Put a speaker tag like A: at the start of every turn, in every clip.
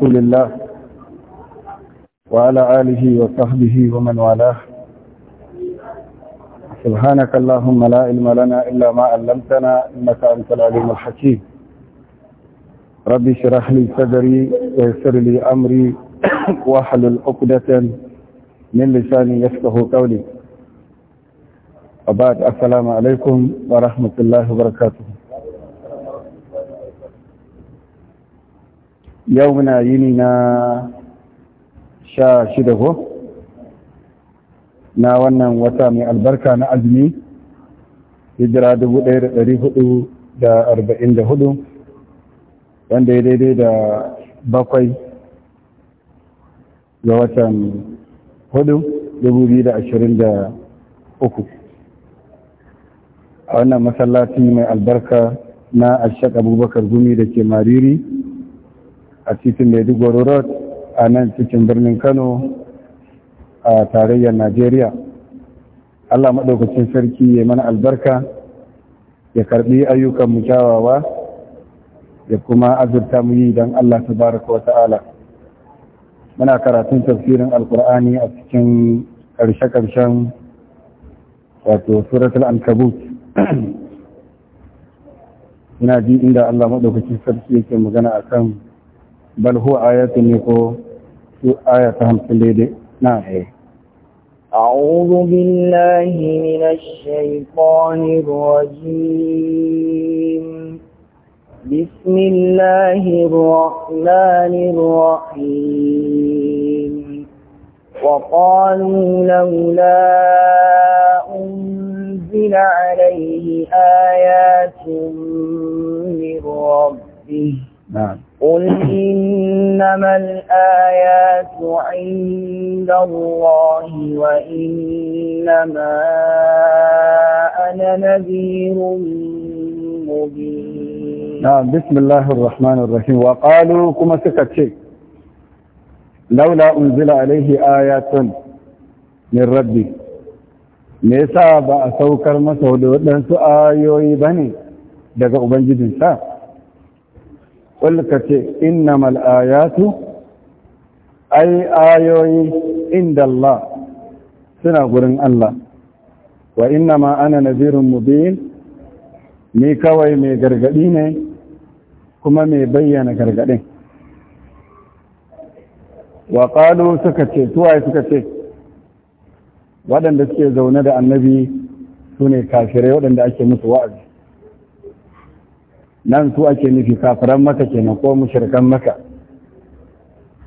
A: رسول الله وعلى آله وصحبه ومن والاه سبحانك اللهم لا علم لنا إلا ما علمتنا إنك أنت العليم الحكيم ربي اشرح لي صدري ويسر لي أمري واحلل عقدة من لساني يفقه قولي وبعد السلام عليكم ورحمة الله
B: وبركاته
A: yau muna yini na sha shida ko na wannan wata mai albarka na azumi hijira dubu ɗaya da ɗari hudu da arba'in da hudu wanda ya daidai da bakwai ga watan hudu dubu biyu da ashirin da uku a wannan masallaci mai albarka na ashek abubakar gumi da ke mariri a cikin maiduguri road a nan cikin birnin kano a tarayyar najeriya allah maɗaukacin sarki ya mana albarka ya karɓi ayyukan mu kyawawa ya kuma azurta mu yi don allah ta tabaraka wata'ala muna karatun tafsirin alkur'ani a cikin ƙarshe-ƙarshen wato suratul ankabut ina ji inda allah maɗaukacin sarki yake magana akan bal huwa ayatun ne ko aya ta hamsin daidai na eh
C: أعوذ بالله من الشيطان الرجيم بسم الله الرحمن الرحيم وقالوا لولا أنزل عليه آيات من ربه نعم قل إنما الآيات عند الله وإنما أنا نذير مبين
A: نعم بسم الله الرحمن الرحيم وقالوا كما سكتشي لولا أنزل عليه آيات من ربي ليس بأسوكر مسعود ودنس آيوي بني بنجد Ubangijinsa. ƙulka ce innamal ayatu ai ayoyi inda Allah suna gurin Allah wa innama ana nazirin mubin ni kawai mai gargaɗi ne kuma mai bayyana gargaɗin wa ƙalu suka ce tuwaye suka ce waɗanda suke zaune da annabi su ne kafirai waɗanda ake musu wa'azi nan su ake nufi kafiran maka kenan ko shirkan maka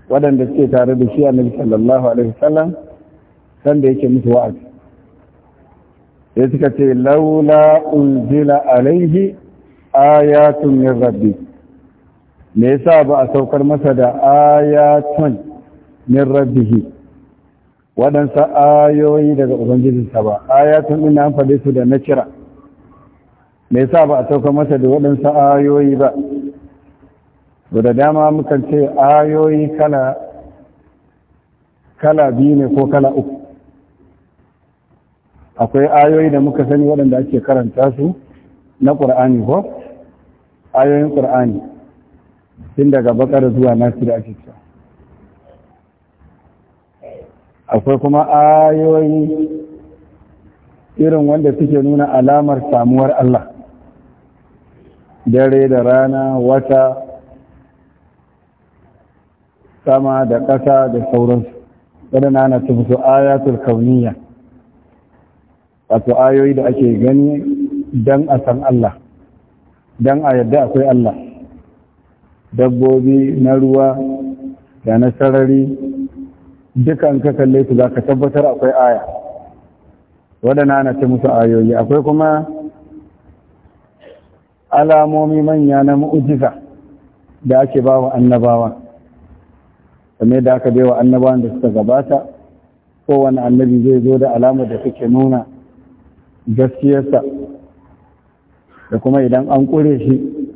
A: waɗanda suke tare da shi annabi sallallahu alaihi wasallam san da yake musu wa'azi ya suka ce laula unzila alaihi ayatun min rabbi me yasa ba a saukar masa da ayatun min rabbihi waɗansa ayoyi daga ubangijinsa ba ayatun ina an faɗe su da na kira me sa ba a sauka masa da waɗansu ayoyi ba da dama mukan ce ayoyi kala kala biyu ne ko kala uku akwai ayoyi da muka sani waɗanda ake karanta su na ƙur'ani ko ayoyin ƙur'ani tun daga bakar zuwa nasu da ake cewa akwai kuma ayoyi irin wanda suke nuna alamar samuwar Allah dare da rana wata sama da ƙasa da sauransu waɗanda su aya ayatul kauniya wato ayoyi da ake gani don a san Allah don a yadda akwai Allah dabbobi na ruwa da na sarari dukan ka kalle su za ka tabbatar akwai aya waɗanda na ta musu ayoyi akwai kuma alamomi manya na mu'ujiza da ake ba wa annabawa kamar da aka bai wa annabawan da suka gabata kowane annabi zai zo da alamar da suke nuna gaskiyarsa da kuma idan an ƙure shi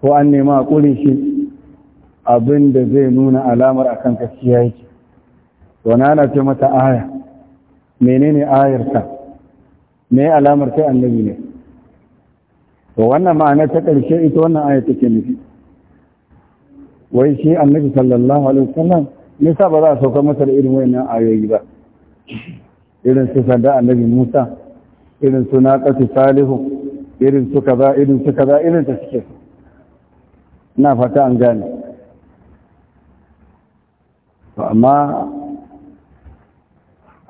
A: ko an nema a ƙure shi abin da zai nuna alamar akan gaskiya yake wani ana ce mata aya menene ayarka me alamar kai annabi ne to wannan ma'ana ta ƙarshe ita wannan ta take nufi wai shi annabi sallallahu alaihi wasallam me yasa ba za a sauka masa da irin wayannan ayoyi ba irin su sanda annabi Musa irin su naqatu salihu irin su kaza irin su kaza irin ta suke ina fata an gane to amma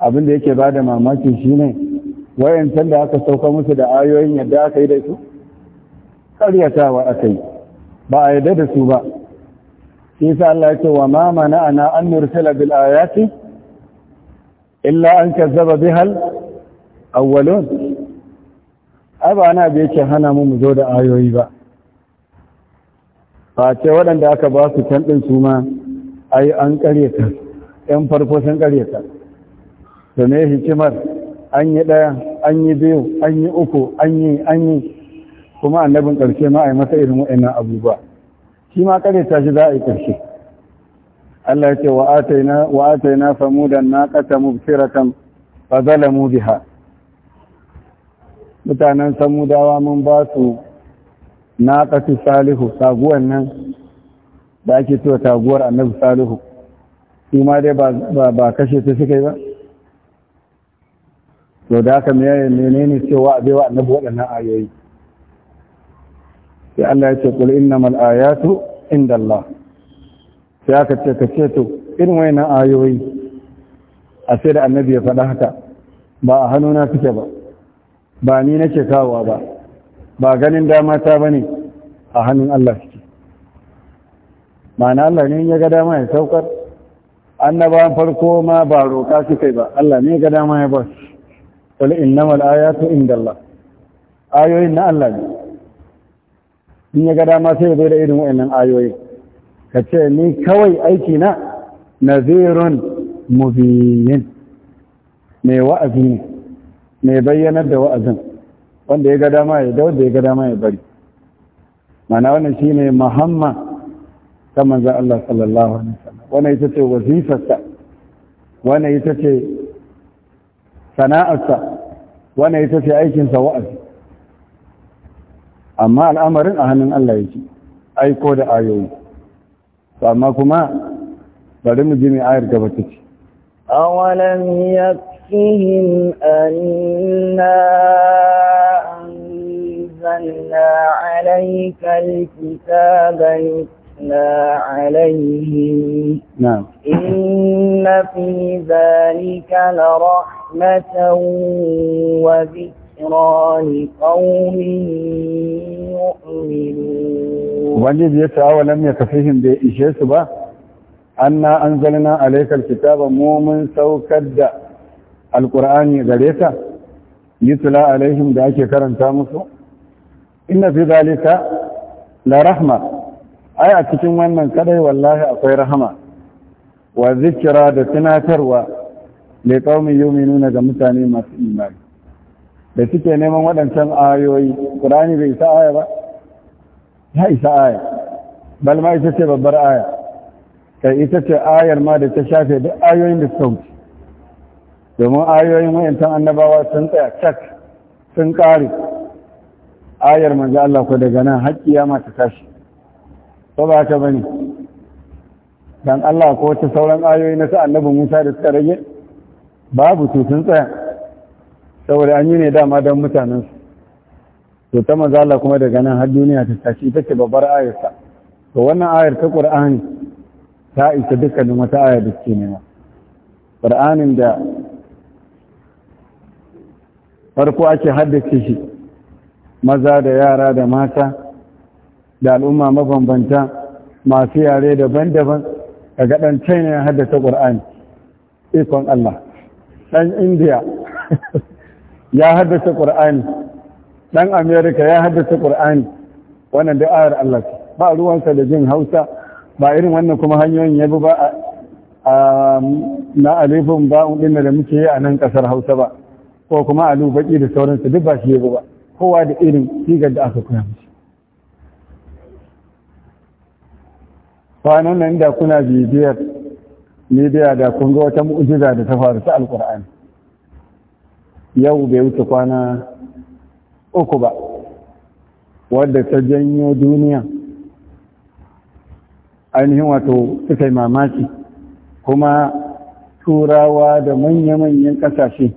A: abin da yake bada mamaki shine wayancan da aka sauka musu da ayoyin yadda aka yi da su Karyatawa aka yi ba a yadda da su ba shi sa Allah ce wa ma ana an nursala bil ayati illa an kazzaba bihal awwalun ai ba ana bai yake hana mu mu zo da ayoyi ba ba ce waɗanda aka ba su can din su ma ai an ƙaryata ‘yan farko sun ƙaryata to me hikimar an yi ɗaya an yi biyu an yi uku an yi an yi kuma annabin ƙarshe ma a yi masa irin wa'annan abubuwa shi ma kare ta shi za a yi ƙarshe Allah ce wa da wa ataina samudan kan mubsiratan fa bi biha mutanen dawa mun ba su ƙasa salihu taguwan nan da ake cewa taguwar annabi salihu shi ma dai ba kashe ta suka yi ba to da aka haka menene cewa a bai wa annabi waɗannan ayoyi sai Allah ya ce kul innamal ayatu indallah sai aka ce ka ce to irin wayannan ayoyi a sai da annabi ya faɗa haka ba a na suke ba ba ni nake kawowa ba ba ganin dama ta bane a hannun Allah suke ma'ana Allah ne ya ga dama ya saukar annabawan farko ma ba roƙa su kai ba Allah ne ga dama ya ba su wal innamal ayatu indallah ayoyin na Allah ne in ya ga dama sai ya zo da irin wa'annan ayoyi ka ce ni kawai aiki na nazirun mubiyin mai wa'azi ne mai bayyanar da wa'azin wanda ya ga dama ya da wanda ya ga dama ya bari mana wannan shine muhammad ta manzan Allah sallallahu alaihi wasallam wannan ita ce wazifarsa wannan ita ce sana'arsa wannan ita ce aikinsa wa'azi amma al'amarin a hannun Allah yake aiko da ayoyi amma kuma bari mu ji mai ayar gaba ta ce
C: awalan yakfihim anna anzalna alayka alkitaba يتلى inna fi zalika la rahmatan wa وذكر
A: wani biyar ta hawa lamya ka fi himbe ishe su ba an na an zalina mu mun saukar da alkur'ani da reta yi tula a laihin da ake karanta musu ina fi zalika da rahama ai a cikin wannan kadai wallahi akwai rahama wa zikira da tunatarwa mai kawo mai yau mai nuna ga mutane masu imani da suke neman waɗancan ayoyi ƙurani bai isa aya ba ya isa aya balma ita ce babbar aya kai ita ce ayar ma da ta shafe duk ayoyin da suka wuce domin ayoyin wayancan annabawa sun tsaya cak sun ƙare ayar manzo Allah ko daga nan haƙƙiya ya mata tashi ko ba ta bane dan Allah ko ta sauran ayoyi na sa annabi Musa da suka rage babu to tsaya saboda an yi ne dama don mutanensu to ta mazala kuma daga nan har duniya ta tashi ita ce babbar ayarsa to wannan ayar ta ƙur'ani ta isa dukkanin wata ayar da ke nema ƙur'anin da farko ake haddace shi maza da yara da mata da al'umma mabambanta masu yare daban-daban daga ɗan china ya haddace ƙur'ani ikon allah ɗan indiya ya haddace ƙur'ani ɗan amerika ya haddace ƙur'ani wannan da ayar Allah ba ruwansa da jin hausa ba irin wannan kuma hanyoyin ya bi ba na alifin ba ɗin da muke yi a nan ƙasar hausa ba ko kuma alu baƙi da sauransu duk ba shi ya ba kowa da irin sigar da aka koya mishi kwanan nan da kuna bibiyar media da kun ga wata mu'jiza da ta faru ta alƙur'ani yau bai wuce kwana uku ba wadda ta janyo duniya ainihin wato suka yi mamaki kuma turawa da manya-manyan ƙasashe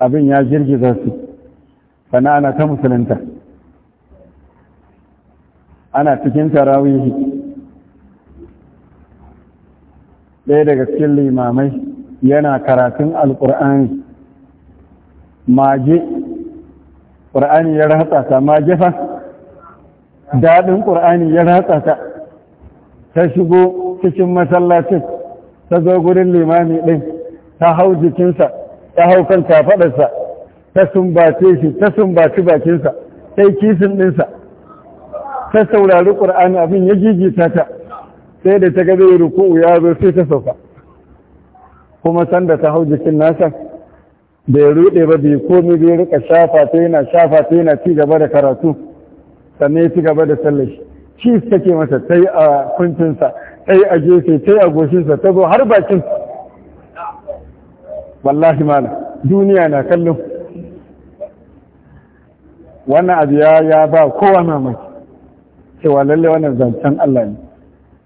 A: abin ya girgiza su sana'ana ta musulunta ana cikin tarawihi ɗaya daga cikin limamai yana karatun alƙur'ani mage ƙur'ani ya ratsa ta mage fa daɗin ƙur'ani ya ratsa ta shigo cikin masallacin ta zo gurin limami ɗin ta hau jikinsa ta hau kan kafaɗarsa ta sumbace shi ta sumbaci bakinsa ta yi kisin ɗinsa ta saurari ƙur'ani abin ya gigita ta sai da ta gabe ruku'u ya zo sai ta sauka kuma sanda ta hau jikin nasa bai rude ba bai komi bai rika shafa ta yana shafa ta yana ci gaba da karatu sannan ya ci gaba da sallashi shi take masa ta yi a kuncinsa ta yi a gefe ta yi a goshinsa ta zo har bakin wallahi mana duniya na kallon wannan abu ya ba kowa mamaki cewa lalle wannan zancen Allah ne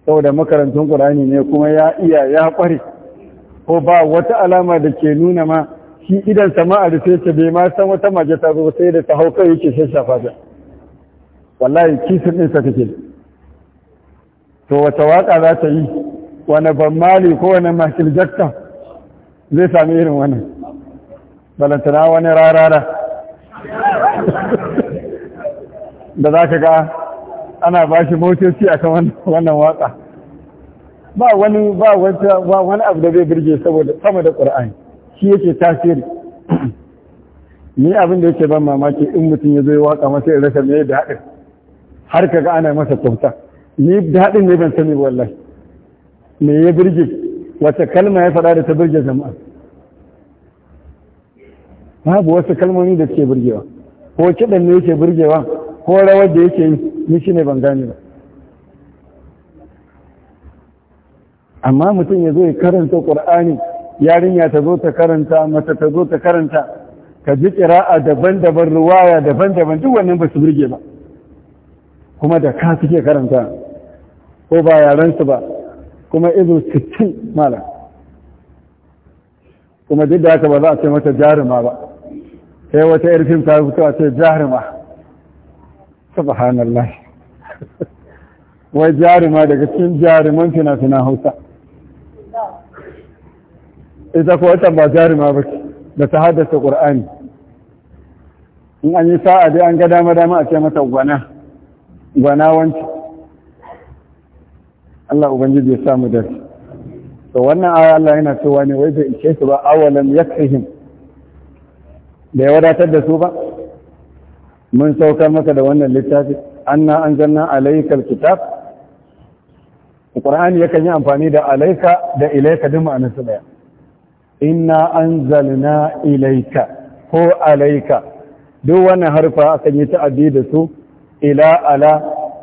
A: saboda makarantun Qur'ani ne kuma ya iya ya kware ko ba wata alama da ke nuna ma shi idan sama a rufe ce bai ma san wata maje ta zo sai da ta hau kai yake shafa ta wallahi kisin ɗinsa kake to wata waka za ta yi wani ban mali ko wani makil jakka zai sami irin wannan balantana wani rarara
B: da za ka ga ana ba
A: shi motoci a kan wannan waka ba wani abu da zai birge saboda sama da ƙura'ani shi yake tasiri ni abin da yake ban mamaki in mutum ya zo ya waka masa ya rasa mai daɗin har kaga ana masa kyauta ni daɗin ne ban sani wallahi me ya birge wata kalma ya faɗa da ta birge jama'a babu wasu kalmomi da suke birgewa ko kiɗan ne yake birgewa ko rawar da yake yi ni shi ne ban gane ba amma mutum ya zo ya karanta ƙur'ani yarinya ta zo ta karanta mata ta zo ta karanta ka ji ƙira'a daban-daban ruwaya daban-daban duk wannan ba su burge ba kuma da ka suke karanta ko ba yarensu ba kuma izo sittin mala kuma duk da haka ba za a ce mata jaruma ba sai wata yar fim ta fito a ce jaruma subhanallah wai jaruma daga cikin jaruman fina-finan hausa ita ko wata ba jarima ba da ta haddasa ƙur'ani in an yi sa'a dai an ga dama dama a ce mata gwana gwana wanci Allah ubangiji ya samu da su to wannan aya Allah yana cewa ne wai bai ishe su ba awalam yakfihim da ya wadatar da su ba mun saukar maka da wannan littafi anna anzalna alaykal kitab Qur'ani yakan yi amfani da alaika da ilaika duk ma'anar su daya inna anzalna ilaika ko alaika duk wannan harfa akan yi ta'addi da su ila ala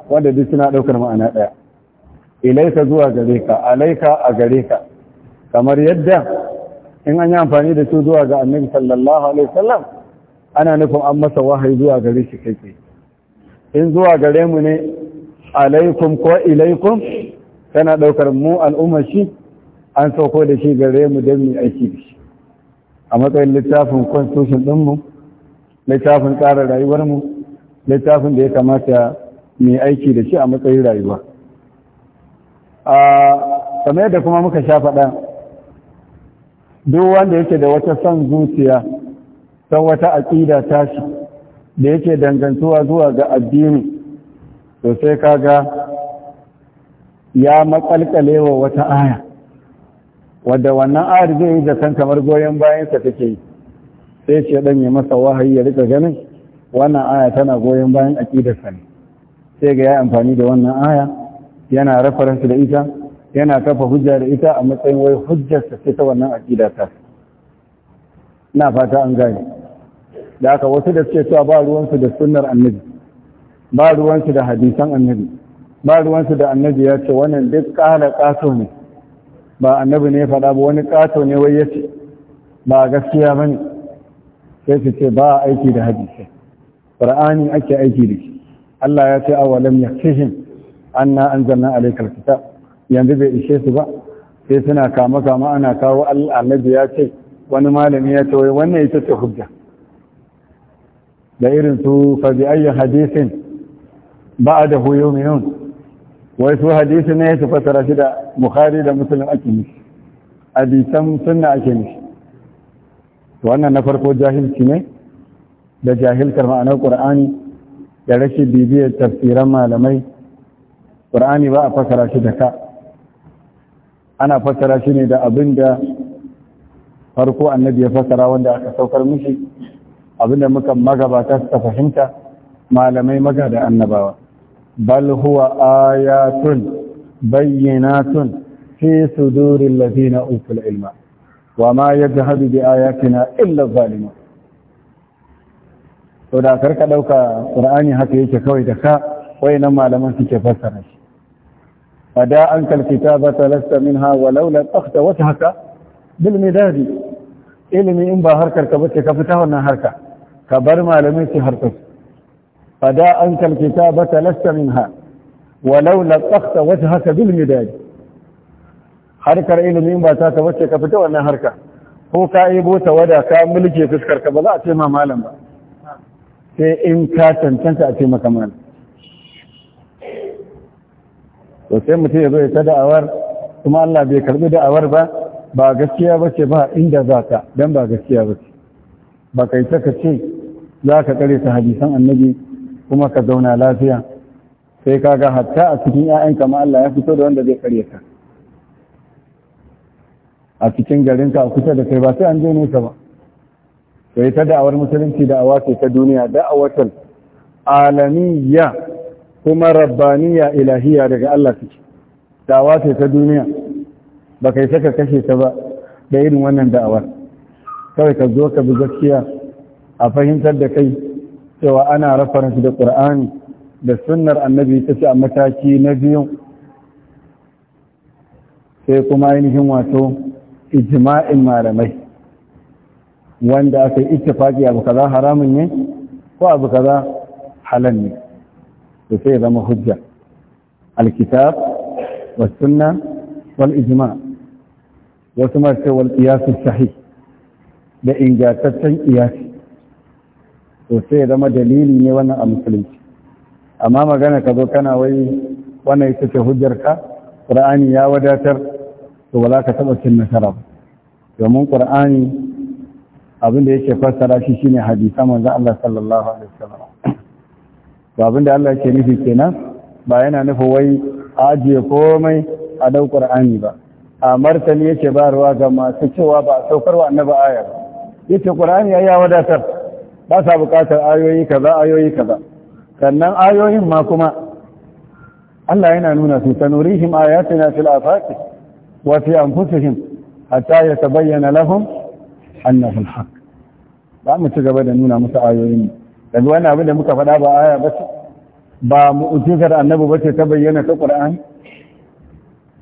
A: wanda duk suna daukar ma'ana daya ilaika zuwa gare ka alaika a gare ka kamar yadda in an yi amfani da su zuwa ga annabi sallallahu alaihi wasallam ana nufin an masa wahayi zuwa gare shi kake in zuwa gare mu ne alaikum ko ilaikum Kana ɗaukar mu al'ummar shi an sauko da shi gare mu don mu aiki da shi a matsayin littafin constitution ɗinmu littafin tsara rayuwarmu littafin da ya kamata mai aiki da shi a matsayin rayuwa a kamar yadda kuma muka sha faɗa duk wanda yake da wata son zuciya ta wata aƙida tashi da yake dangantuwa zuwa ga addini to sai kaga ya makalkalewa wata aya wadda wannan ayar zai yi zaton kamar goyon bayansa take yi sai ce dan ya masa wahayi ya rika ganin wannan aya tana goyon bayan aqidarsa ne sai ga ya amfani da wannan aya yana reference da ita yana kafa hujja da ita a matsayin wai hujjarsa ce ta wannan aqida ta ina fata an gane da haka wasu da suke cewa ba ruwansu da sunnar annabi ba ruwansu da hadisan annabi ba ruwansu da annabi ya ce wannan duk ƙara kaso ne ba annabi ne faɗa ba wani ƙato ne wai yace ba gaskiya bane sai su ce ba aiki da hadisi qur'ani ake aiki da shi Allah ya ce awalam yakfihim anna anzalna alaykal kitab yanzu bai ishe su ba sai suna kama kama ana kawo annabi ya ce wani malami ya ce wai wannan ita ce hujja da irin su fa bi ayyi hadisin ba'dahu yu'minun wai su hadisi ne su fasara shi da bukhari da musulun ake mishi hadisan suna ake mishi wannan na farko jahilci ne da jahilkar ma'anar ƙur'ani, da rashin bibiyar tafsiran malamai Ƙur'ani ba a fasara shi da ka ana fasara shi ne da abin da farko annabi ya fasara wanda aka saukar mishi da muka magabata ta fahimta malamai maga da annabawa بل هو آيات بينات في صدور الذين أوتوا العلم وما يجهد بآياتنا إلا الظالمون to da karka ɗauka qur'ani haka yake kawai da ka wai wayannan malaman suke fassara shi A da an ta kal kitaba talasta minha walau la takhta haka, bilmi midadi ilmi in ba harkar ka bace ka fita wannan harka ka bar malamai su harkar فدا أنت الكتابة لست منها ولو لطخت وجهك بالمداد harkar ilimin ba ta wacce ka fita wannan harka ko ka yi bota wada ka mulke fuskar ka ba za a ce ma sai in ka cancanta a ce malam to mutum ya zo ya ta da'awar kuma Allah bai karbi da'awar ba ba gaskiya ba ce ba inda za ka dan ba gaskiya ba ce ba kai ta ka ce za ka kare ta hadisan annabi kuma ka zauna lafiya sai kaga hatta a cikin yayan kama Allah ya fito da wanda zai karye ka a cikin garin a kusa da kai ba sai an je nesa ba sai ta da'awar musulunci da'awa ce ta duniya da'awatul alamiya kuma rabbaniya ilahiya daga Allah take da'awa ce ta duniya ba kai saka kashe ta ba da irin wannan da'awar kawai ka zo ka bi gaskiya a fahimtar da kai cewa ana reference da ƙur'ani da sunar annabi ta ce a mataki na biyu sai kuma ainihin wato ijima'in malamai wanda aka yi ittifaki abu kaza haramun ne ko abu kaza halal ne to sai zama hujja alkitab wa sunna wal ijma wasu masu ce wal qiyas sahih da ingantaccen iyasi to sai zama dalili ne wannan a musulunci amma magana ka zo kana wai wannan ita ce hujjarka ƙur'ani ya wadatar to ba za ka taɓa cin nasara ba domin ƙur'ani abin da yake fassara shi shine hadisa manzo Allah sallallahu alaihi wasallam to abin da Allah yake nufi kenan ba yana nufi wai ajiye komai a dau ƙur'ani ba a martani yake bayarwa ga masu cewa ba a saukarwa na annaba ayar yace ƙur'ani ya wadatar ba sa buƙatar ayoyi kaza ayoyi kaza sannan ayoyin ma kuma Allah yana nuna su sanurihim ayatina fil afaq wa fi anfusihim hatta yatabayyana lahum annahu al-haq ba mu ci gaba da nuna musu ayoyin daga wannan abin da muka faɗa ba aya ba ba mu'jizar annabi ba ce ta bayyana ta Qur'ani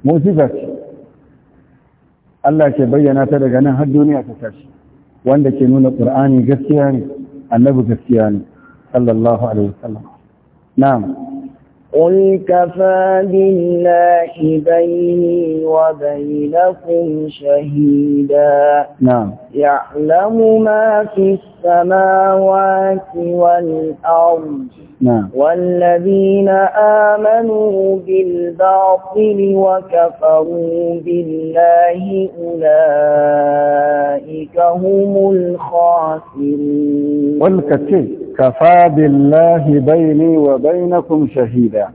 A: mu'jizar Allah ke bayyana ta daga nan har duniya ta tashi wanda ke nuna Qur'ani gaskiya ne annabi gaskiya ne sallallahu alaihi wasallam
B: na'am
C: qul kafa billahi bayni wa bainakum shahida na'am يعلم ما في السماوات والأرض نعم. والذين آمنوا بالباطل وكفروا بالله أولئك هم الخاسرون والكتي
A: كفى بالله بيني وبينكم شهيدا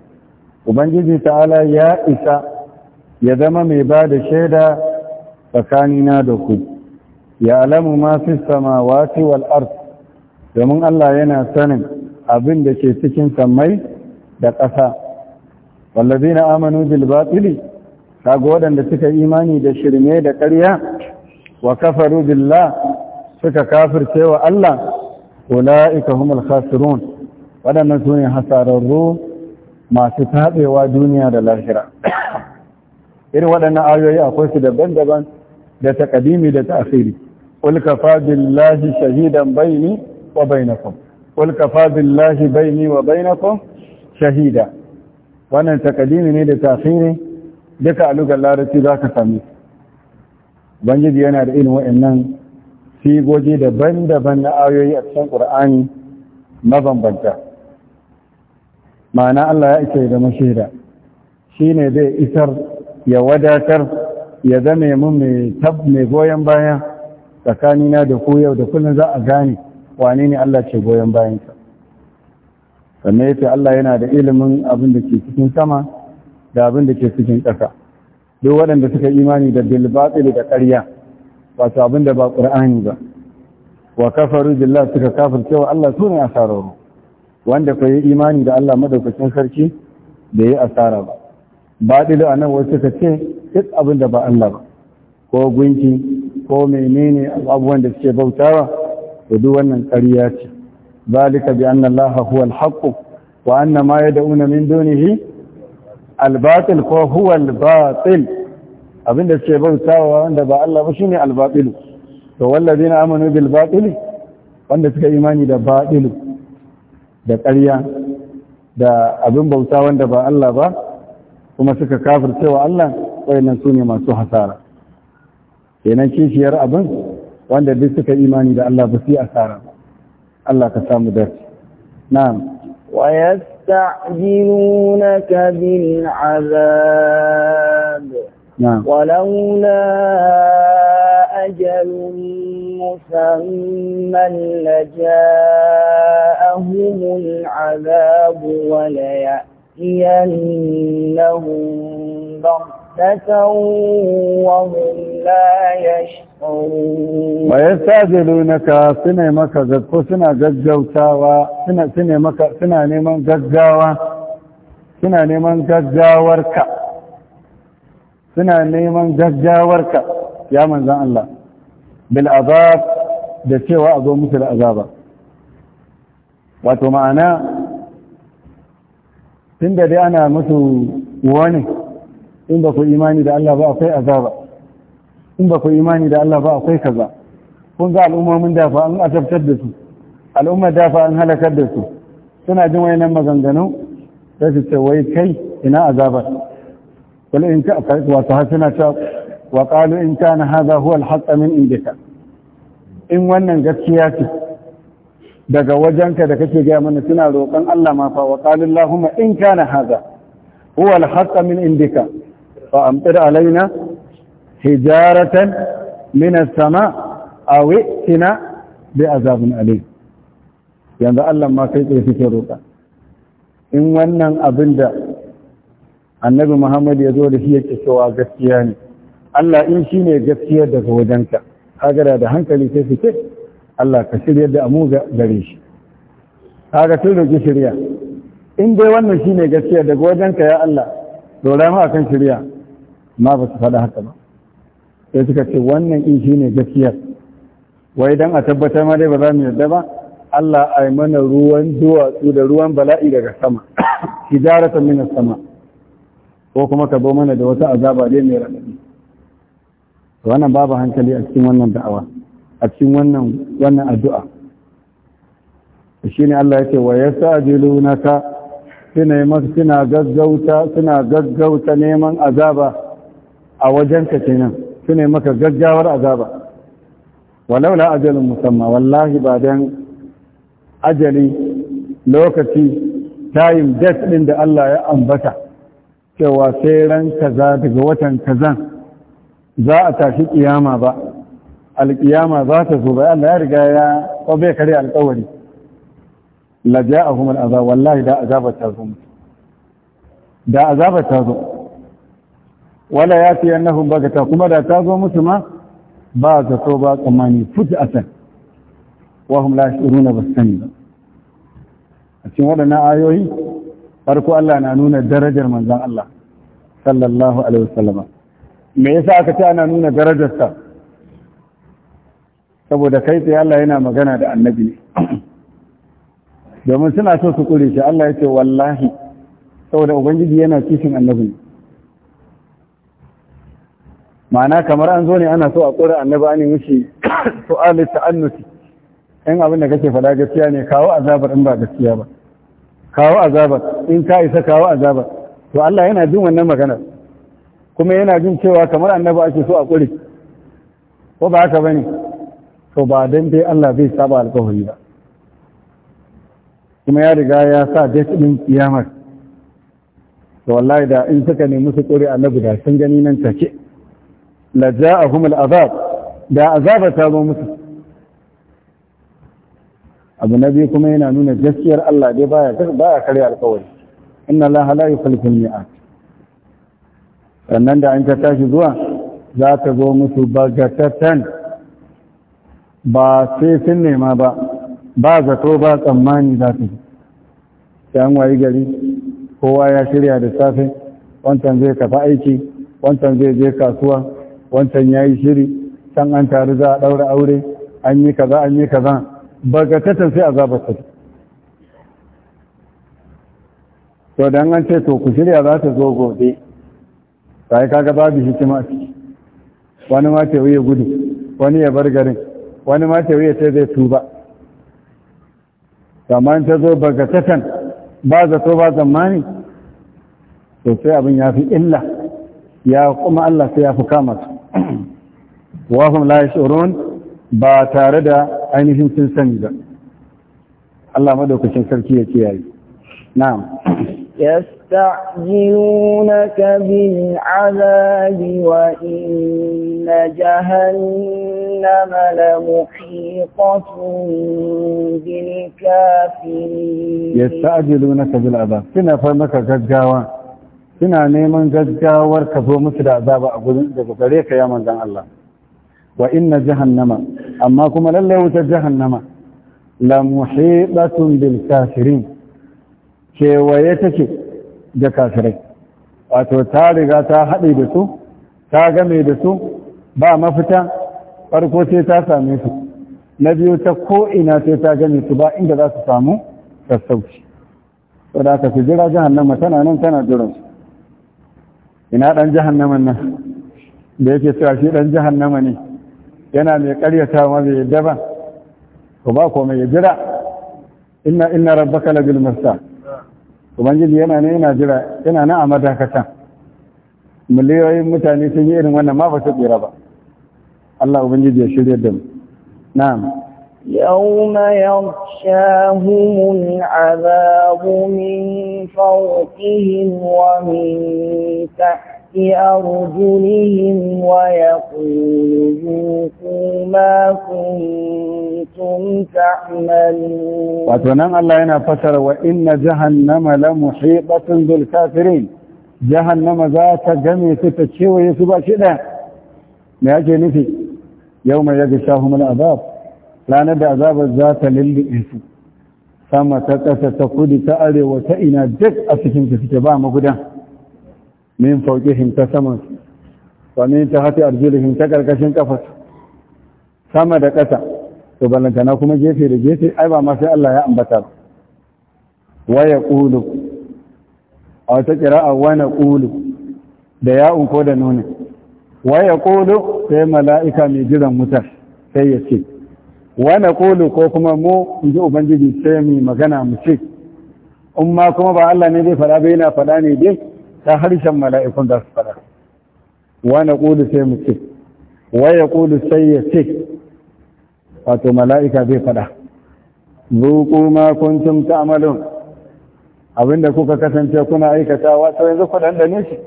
A: وبنجي تعالى يا إسا يدم مباد شهدا فكاننا دكم ya'lamu ma fi samawati wal ard domin Allah yana sanin abin da ke cikin sammai da ƙasa wallazina amanu bil batili kaga waɗanda suka imani da shirme da ƙarya wa kafaru billah suka kafirce wa Allah ulaika humul khasirun waɗannan sune hasararru masu tabewa duniya da lahira irin waɗannan ayoyi akwai su daban-daban da ta ƙadimi da ta asiri. قل كفى بالله شهيدا بيني وبينكم قل كفى بالله بيني وبينكم شهيدا wannan takadimi ne da tafiri duka a lugar larabci za ka sami ubangiji yana da irin wa'annan sigoji daban-daban na ayoyi a cikin ƙur'ani mabambanta ma'ana Allah ya isa da mashida shi ne zai isar ya wadatar ya zame mu mai goyon baya tsakanina da ku yau da kullum za a gane wane ne Allah ce goyon bayansa sannan ya ce Allah yana da ilimin abin da ke cikin sama da abin da ke cikin ƙasa duk waɗanda suka imani da bilbatsili da ƙarya wato abin da ba ƙur'ani ba wa kafaru billah suka kafir cewa Allah su ne asararru wanda ku yi imani da Allah madaukakin sarki da yi asara ba Ba a nan wasu suka ce duk abin da ba Allah ba ko gunki ko menene abubuwan da suke bautawa to duk wannan ƙarya ce zalika bi anna allaha huwa al-haqq wa anna ma yad'una min dunihi al-batil ko huwa al-batil abinda suke bautawa wanda ba Allah ba shine al-batil to wallazina amanu bil batil wanda suka imani da batil da ƙarya da abin bauta wanda ba Allah ba kuma suka wa Allah wayannan sune masu hasara kenan kishiyar abin wanda duk suka imani da Allah ba su yi asara Allah ka samu da na'am
C: wa yasta'jilunaka bil azab na'am walaula ajalun مسمى لجاءهم العذاب وليأتينهم بغتة Bayansa
A: su ne maka zarko suna gaggautawa, suna neman gaggawa, suna neman gaggawarka, suna neman gaggawarka, ya manzan Allah, bil da cewa a zo musu da azaba. Wato ma'ana, tun da dai ana musu wani. in ba ku imani da Allah ba akwai azaba in ba ku imani da Allah ba akwai kaza kun ga al'ummomin dafa an azabtar da su al'ummar dafa an halakar da su suna jin wayannan maganganu sai su ce wai kai ina azabar wala in ka wato har suna cewa wa qalu in kana hadha huwa al-haqq min indika in wannan gaskiya ce daga wajenka da kake gaya mana suna roƙon Allah ma fa wa qalu allahumma in kana hadha huwa al-haqq min indika فأمطر علينا حجارة من السماء أو ائتنا بعذاب أليم yanzu Allah ma kai tsaye suke roƙa in wannan abin da annabi Muhammad ya zo da shi yake cewa gaskiya ne Allah in shi ne gaskiyar daga wajenka kaga da hankali sai su Allah ka shirya da amu gare shi kaga sun roƙi shirya in dai wannan shi ne gaskiyar daga wajenka ya Allah dora ma kan shirya ma ba su faɗa haka ba sai suka ce wannan in shi ne gaskiyar wai don a tabbatar ma dai ba za mu yarda ba Allah a mana ruwan duwatsu da ruwan bala'i daga sama hijaratan min sama ko kuma ka bo mana da wata azaba dai mai raɗaɗi wannan babu hankali a cikin wannan da'awa a cikin wannan wannan addu'a shine Allah yake wa yasajilunaka suna yi masu suna gaggauta suna gaggauta neman azaba a wajenka kenan su ne maka gaggawar azaba walaula ajalin musamman wallahi ba don ajali lokaci tayin date ɗin da Allah ya ambata cewa sai ran kaza daga watan kazan za a tashi kiyama ba alkiyama za ta zo bai Allah ya riga ya ko kare alkawari la ja'ahum al'azab wallahi da azabar zo da azabar tazo. wala ya fi annahum bagata kuma da ta zo musu ma ba zato ba tsammani fuji can wahum la nuna ba sani a cikin waɗannan ayoyi farko Allah na nuna darajar manzan Allah sallallahu alaihi wasallam me yasa aka ce ana nuna darajarsa saboda kai tsaye Allah yana magana da annabi ne domin suna so su kure shi Allah ya ce wallahi saboda ubangiji yana kishin annabi ne ma'ana kamar an zo ne ana so a ƙura annaba ne mishi su'alit ta'annuti in abin da kake fada gaskiya ne kawo azabar in ba gaskiya ba kawo azabar in ka isa kawo azabar to Allah yana jin wannan maganar kuma yana jin cewa kamar annaba ake so a ƙure ko ba haka bane to ba dan dai Allah zai saba alƙawari ba kuma ya riga ya sa date din kiyamar to wallahi da in suka nemi su ƙure annabi da sun gani nan take la ja'ahum al'azab da azaba ta zo musu abu na biyu kuma yana nuna gaskiyar Allah dai baya baya karya alƙawari inna Allah la yukhlifu al sannan da an ta tashi zuwa za ta zo musu bagatatan ba sai sun nema ba ba zato ba tsammani za ta ta an wayi gari kowa ya shirya da safe wancan zai tafi aiki wancan zai je kasuwa wancan ya yi shiri can an taru za a ɗaura aure an yi kaza an yi kaza ga tattan sai a azabar ta to dan an ce to ku shirya za ta zo gobe sai kaga babu hikima wani ma ce ya gudu wani ya bar garin wani ma ce ya ce zai tuba kamar ta zo ga tattan ba zato ba tsammani to sai abin ya fi illa ya kuma Allah sai ya fi kama su wahum la yashurun ba tare da ainihin sun sani ba Allah madaukakin sarki ya kiyaye na'am
C: يستعجلونك بالعذاب وإن جهنم لمحيطة بالكافرين
A: يستعجلونك بالعذاب كنا فرمك gaggawa. suna neman gaggawar ka zo musu da azaba a gudun daga gare ka ya manzan Allah wa inna jahannama amma kuma lallai wutar jahannama la muhibatun bil kafirin kewaye take da kafirai wato ta riga ta haɗe da su ta game da su ba mafita farko sai ta same su na biyu ta ko'ina sai ta game su ba inda za su samu sassauci. Wadda ka fi jira jihannama tana nan tana jiransu. ina ɗan jahannaman nan da yake cewa shi ɗan jahannama ne yana mai ƙaryata ma bai yadda ba ko ba ko mai jira inna inna rabbaka labil mursal ubangiji yana ne yana jira yana nan a madakatan miliyoyin mutane sun yi irin wannan ma ba su tsira ba Allah ubangiji ya shirya da mu na'am
C: yawma yawma يغشاهم العذاب من فوقهم ومن تحت أرجلهم ويقول ذوقوا ما كنتم تعملون
A: وتنام الله هنا فتر وإن جهنم لمحيطة بالكافرين جهنم ذات جميع ستة شوية سبا شدة ما يجي نفي يوم يغشاهم العذاب ranar da azabar za ta lullube su sama ta ƙasa ta kudu ta arewa ta ina duk a cikin su suke ba magudan min fauƙihim ta saman su ba min ta hati arjulihim ta ƙarƙashin ƙafas sama da ƙasa to ballantana kuma gefe da gefe ai ba ma sai Allah ya ambata ba waya ƙulu a wata a wa ƙulu da ya'un ko da nuni? waya ƙulu sai mala'ika mai jiran mutar sai ya ce Wa na Kulu ko kuma mu ji ubangiji sai mu magana mu ce in ma kuma ba Allah ne zai faɗa bai na fada ne dai ta harshen mala'ikun za su Wa na Kulu sai mu ce ya Kulu sai ya ce wato mala'ika zai fada zuku ma kuntum ta'malun abinda kuka kasance kuna aikatawa sai yanzu ku da ne shi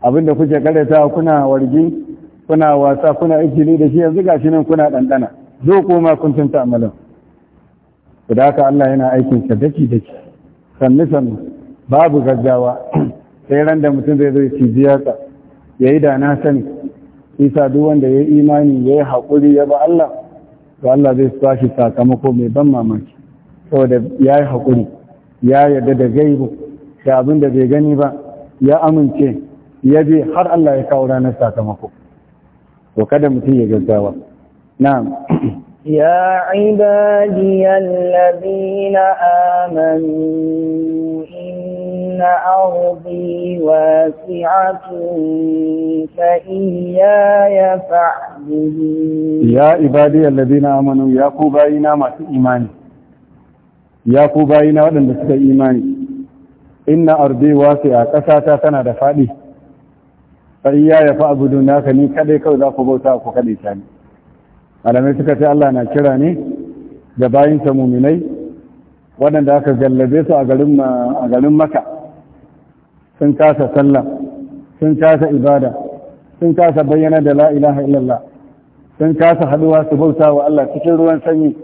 A: abinda kuke karyatawa kuna wargi kuna wasa kuna ikili da shi yanzu gashi nan kuna ɗanɗana zo kuma kun tunta amalan ku da haka Allah yana aikin sa daki daki sannu sannu babu gaggawa sai ran da mutum zai zo ya cibiyarsa ya yi da na sani isa duk wanda ya yi imani ya yi haƙuri ya ba Allah to Allah zai ba shi sakamako mai ban mamaki saboda ya yi haƙuri ya yarda da gaibu da abin da bai gani ba ya amince ya bi har Allah ya kawo ranar sakamako to kada mutum ya gaggawa na'am
C: يا عبادي الذين آمنوا إن أرضي واسعة فإياي فاعبدون
A: يا عبادي الذين آمنوا يا كوباينا ما في إيمان يا كوباينا ودن بس إيمان إن أرضي واسعة كساتا سنة فادي ya ya fa abudu naka ni kadai kawai za ku bauta ku kadai ta ni alamai suka ce Allah na kira ne da bayin ta muminai waɗanda aka jallabe su a garin maka. sun kasa sallah sun kasa ibada sun kasa bayyana da la'ilaha illallah sun kasa haduwa su bauta wa Allah cikin ruwan sanyi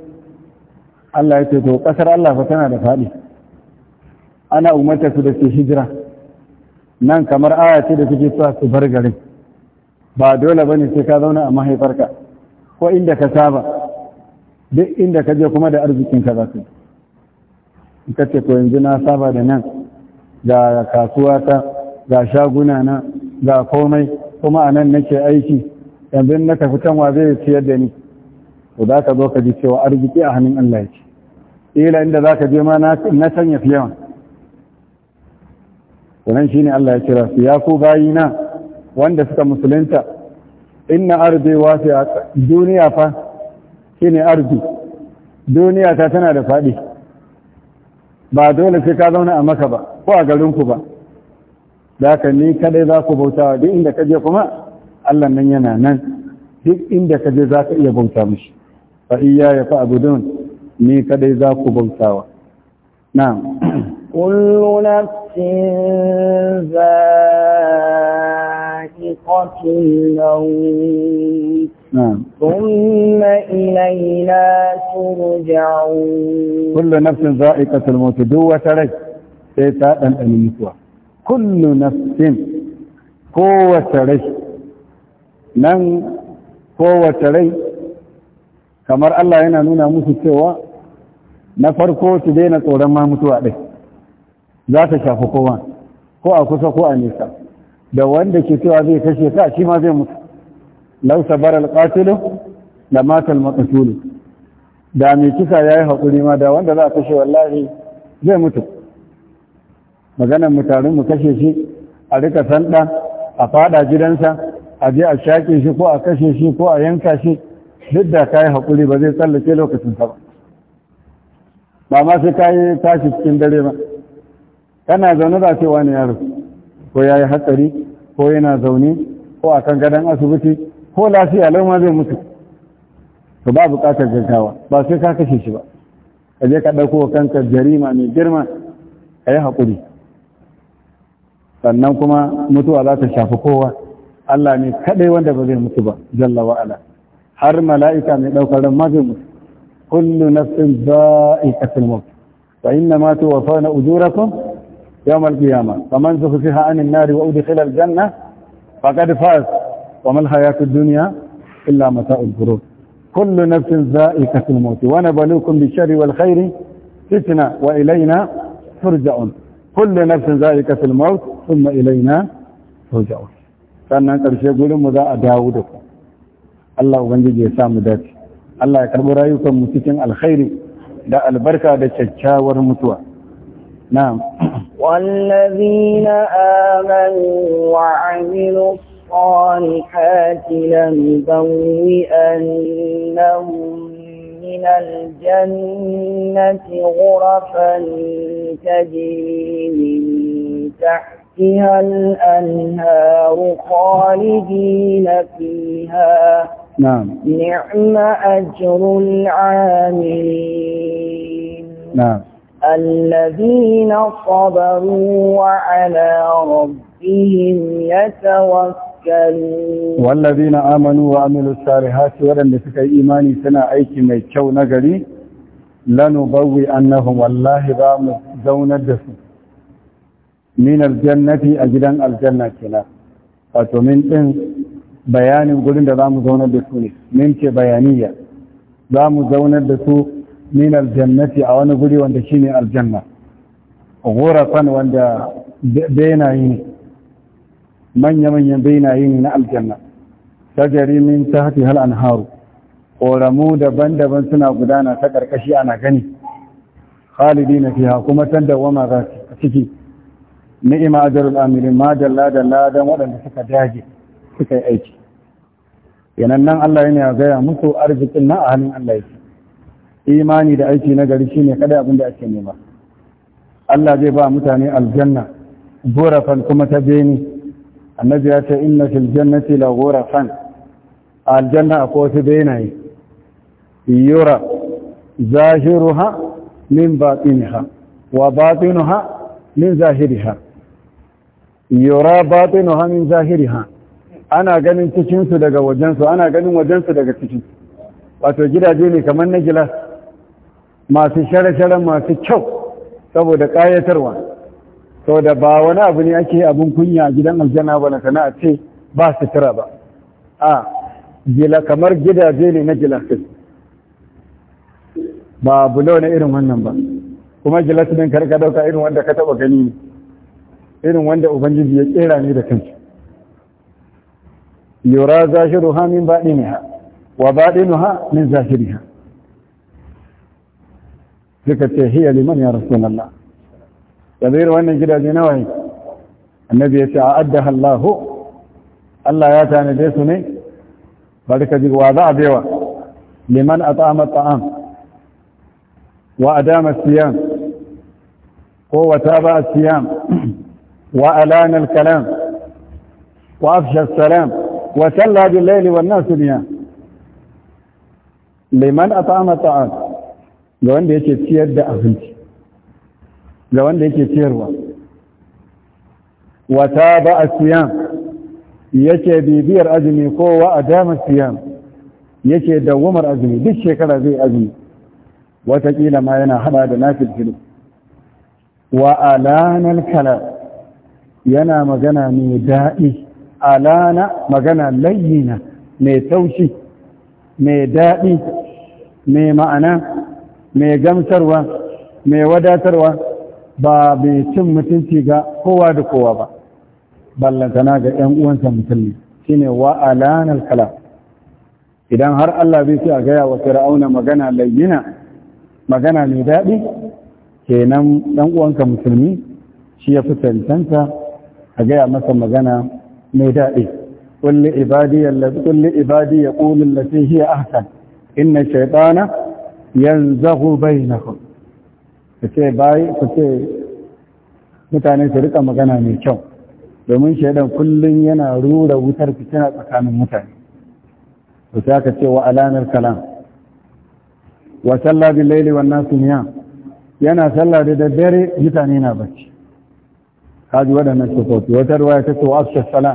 A: Allah ya ce to ƙasar Allah fa tana da faɗi ana umarta su da su hijira nan kamar aya ce da suke sa su bar garin ba dole bane sai ka zauna a mahaifarka ko inda ka saba duk inda ka je kuma da arzikinka za su ka ce ko yanzu na saba da nan ga kasuwata ga shaguna na ga komai kuma a nan nake aiki yanzu na tafi can wa zai ciyar da ni to za ka zo ka ji cewa arziki a hannun Allah yake ila inda za ka je ma na sanya fi yawan sannan shine Allah ya kira su ya ku bayina wanda suka musulunta inna ardi wasi'a duniya fa shine ardi duniya ta tana da faɗi ba dole sai ka zauna a maka ba ko a garin ku ba da ka ni kadai za ku bautawa duk inda ka je kuma Allah nan yana nan duk inda ka je za ka iya bauta mishi fa iya ya fa abudun ni kadai za ku bautawa na'am
B: كل
C: نفس ذائقة الموت نعم ثم إلينا ترجعون
A: كل نفس ذائقة الموت دوة رج سيتاء المتوى كل نفس قوة رج من قوة رج kamar Allah yana nuna musu cewa na farko su daina tsoron ma ɗai za ta shafi kowa ko a kusa ko a nisa da wanda ke cewa zai kashe ka shi ma zai mutu lau sabar alƙatilu da matal maqtul da mai kisa yi haƙuri ma da wanda za a kashe wallahi zai mutu maganar mu mu kashe shi a rika sanda a fada gidansa a je a shaƙe shi ko a kashe shi ko a yanka shi duk da ka yi haƙuri ba zai tsallake lokacin ba ba ma sai ka yi tashi cikin dare ba kana zaune za ce wani yaro ko ya yi hatsari ko yana zaune ko a kan gadon asibiti ko lafiya lau ma zai mutu to ba buƙatar gaggawa ba sai ka kashe shi ba ka je ka ɗauko wa kanka jarima mai girma ka yi haƙuri sannan kuma mutuwa za ta shafi kowa Allah ne kaɗai wanda ba zai mutu ba jalla wa'ala har mala'ika mai ɗaukar ran ma zai mutu kullu nafsin za'iqatul maut fa inna ma tuwaffawna ujurakum يوم القيامة فمن زخزها عن النار وأدخل الجنة فقد فاز وما الحياة الدنيا إلا متاع الغرور كل نفس ذائقة الموت ونبلوكم بالشر والخير فتنة وإلينا ترجعون كل نفس ذائقة الموت ثم إلينا ترجعون كان ƙarshe gurinmu za مذا dawo الله ku Allah ذاتي الله samu رأيكم Allah الخير دا البركة دا alkhairi متوى نعم
C: والذين آمنوا وعملوا الصالحات لم يبوئنهم من الجنة غرفا تجري من تحتها الأنهار خالدين فيها نعم نعم أجر العاملين نعم الذين صبروا وعلى ربهم يتوكلون
A: والذين آمنوا وعملوا الصالحات ولم يسك إيماني سنة أيكي ميكو نقري لنبوي أنهم والله بام زون الدسم من الجنة أجلا الجنة كنا ومن إن بيان قلنا دام زون الدسم من كبيانية دام زون الدسم min aljannati a wani guri wanda shine aljanna ghurafan wanda benayi ne manya-manyan benayi ne na aljanna tajari min tahti hal anharu ƙoramu daban-daban suna gudana ta ƙarƙashi ana gani khalidi na fiha kuma san dawama za su a ciki ni'ima ajarul amirin ma dalla dalla don waɗanda suka dage suka yi aiki yanan nan Allah yana gaya musu arzikin na a halin Allah yake imani da aiki na gari shine kada abin da ake nema Allah zai ba mutane aljanna gorafan kuma ta beni annabi ya ce inna fil jannati la gorafan aljanna akwai wasu benaye yura zahiruha min ha? wa batinuha min zahiriha yura batinuha min zahiriha ana ganin cikinsu daga wajensu ana ganin wajensu daga cikinsu wato gidaje ne kamar na gilas masu shara-shara masu kyau saboda ƙayatarwa saboda ba wani abu ne ake abin kunya a gidan aljanna ba na sana'a ce ba sutura ba a gila kamar gidaje ne na su ba bulo na irin wannan ba kuma su ɗin karka dauka irin wanda ka taɓa gani ne irin wanda ubangiji ya kera ne da kansu yura zashiru ha min baɗi ne ha wa baɗi ha min zashiri ha ذكرت هي لمن يا رسول الله تذير وين جرى جنوي النبي تعدها الله الله يا تاني ديسني بارك جي وعدا ديوا لمن اطعم الطعام وادام الصيام هو وتابع الصيام والان الكلام وافشى السلام وسلى بالليل والناس نيام لمن اطعم الطعام ga wanda yake ciyar da abinci ga wanda yake ciyarwa wata ba a siyan yake bibiyar azumi kowa a damar siyan yake dawamar azumi duk shekara zai azumi watakila ma yana hada da nafil filu wa alanar kala yana magana mai daɗi alana magana layyina mai taushi mai daɗi mai ma'ana mai gamsarwa mai wadatarwa ba mai cin mutunci ga kowa da kowa ba ballantana ga 'yan uwansa musulmi shine wa alanar kala idan har Allah bai ce a gaya wa fir'auna magana layyina magana mai daɗi kenan ɗan uwanka musulmi shi ya fi tantanta a gaya masa magana mai daɗi kulli ibadiyya ya kulli ibadi ya qulu allati hiya ahsan inna shaytana yanzahu bainahum kace bai kace mutane su rika magana mai kyau domin shaidan kullum yana rura wutar fitina tsakanin mutane to sai aka ce wa alanar kalam wa salla bil laili wan nasu niya yana salla da daddare mutane na bacci kaji waɗannan sufofi wata ruwaya ta ce wa afsha sala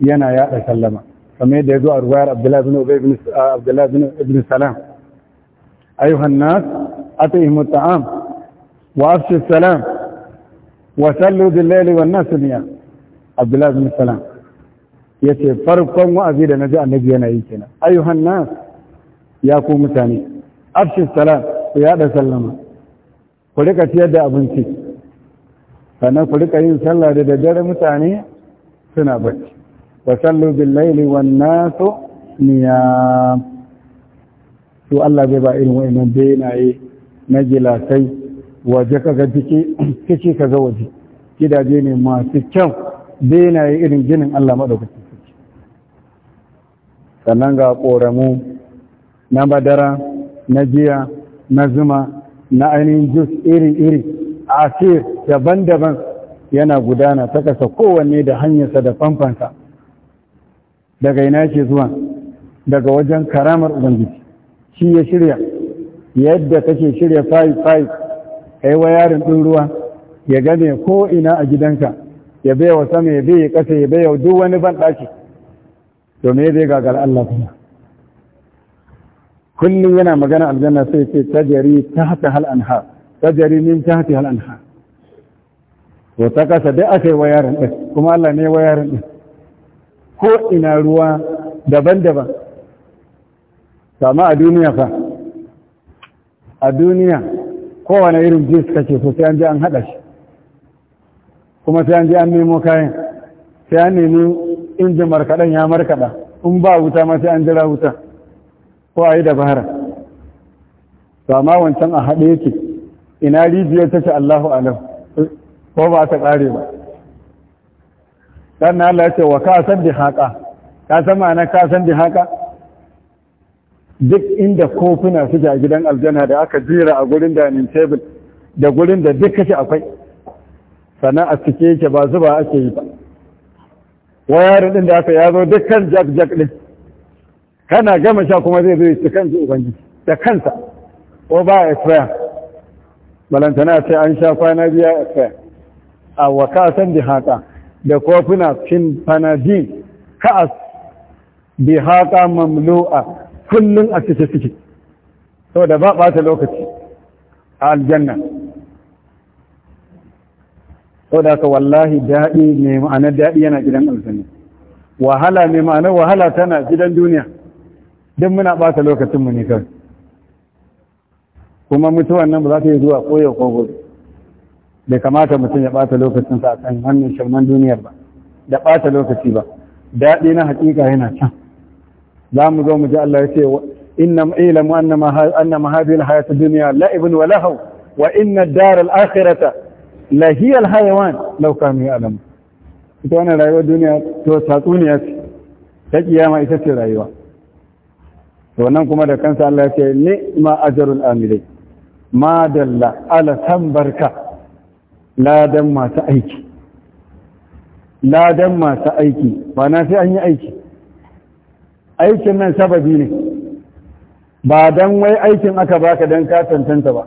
A: yana yaɗa sallama kamar yadda ya zo a ruwayar abdullahi bin ubay bin abdullahi bin ibn salam أيها الناس أتيهم الطعام وأفشوا السلام وسلوا بالليل والناس نيام عبد الله بن سلام yace farkon wa'azi da na annabi yana yi kenan ayyuhan nas ya ku mutane afshis salam ku yada sallama ku rika ciyar da abinci sannan ku rika yin sallah da daddare mutane suna bacci wa sallu bil laili wan nasu niyam su Allah zai ba irin wa'annan benaye na gilasai waje ka ga ciki ka ga waje gidaje ne masu kyau benaye irin ginin Allah madaukaki sannan ga ƙoramu na madara na jiya na zuma na ainihin jus iri-iri asir daban-daban yana gudana ta kasa kowanne da hanyarsa da famfansa daga ina ce zuwa daga wajen karamar ubangiji shi ya shirya yadda kake shirya fayif fayif wa wayarin ɗin ruwa ya gane ko ina a gidanka ya bai wa sama ya bai ƙasa ya bai wa duk wani ban ɗaki to me zai gagar Allah kuma kullum yana magana aljanna sai ce tajari ta hata hal anha tajari min ta hata hal anha to ta kasa dai aka yi wayarin ɗin kuma Allah ne wayarin ɗin ko ina ruwa daban-daban sama a duniya fa a duniya kowane irin jins kake so sai an ji an haɗa shi kuma sai an ji an nemo kayan sai an nemi injin markaɗen ya markaɗa in ba wuta ma sai an jira wuta ko a yi da bahara sama wancan a haɗe yake ina rijiyar ta ce Allahu alam ko ba ta ƙare ba dan Allah ya ce wa ka san bi haƙa, ka san ma'ana ka san bi haƙa. duk inda kofuna suke a gidan aljanna da aka jira a gurin dining table da gurin da duk kashi akwai sannan a cike yake ba zuba ake yi ba wayarin din da aka yazo dukkan jak jak din kana gama sha kuma zai zo cikin ji ubangiji da kansa ko ba tsaya balantana sai an sha kwana biya expire a wakasan bi haka da kofuna fin fanadin ka'as bi haka mamlu'a kullum a cike sau saboda ba ɓata lokaci a aljanna saboda aka wallahi daɗi mai ma'ana daɗi yana gidan aljanna wahala mai ma'anar wahala tana gidan duniya don muna ɓata lokacinmu ne kawai kuma mutuwan nan ba za ta yi zuwa koyo ko gobe bai kamata mutum ya ɓata lokacinsa a kan hannun shirman duniyar ba da ɓata lokaci ba daɗi na hakika yana can za mu zo mu ji Allah ya ce inna ilamu anna ma hadhihi al-hayat ad-dunya la'ibun wa lahaw wa inna ad-dar al-akhirata la hiya al-hayawan law kanu ita wannan rayuwar duniya to tatsuniya ce ta kiyama ita ce rayuwa to nan kuma da kansa Allah ya ce ni ma ajrul amilai ma dalla ala tambarka ladan masu aiki ladan masu aiki ba na sai an yi aiki aikin nan sababi ne ba don wai aikin aka baka don ka tantanta ba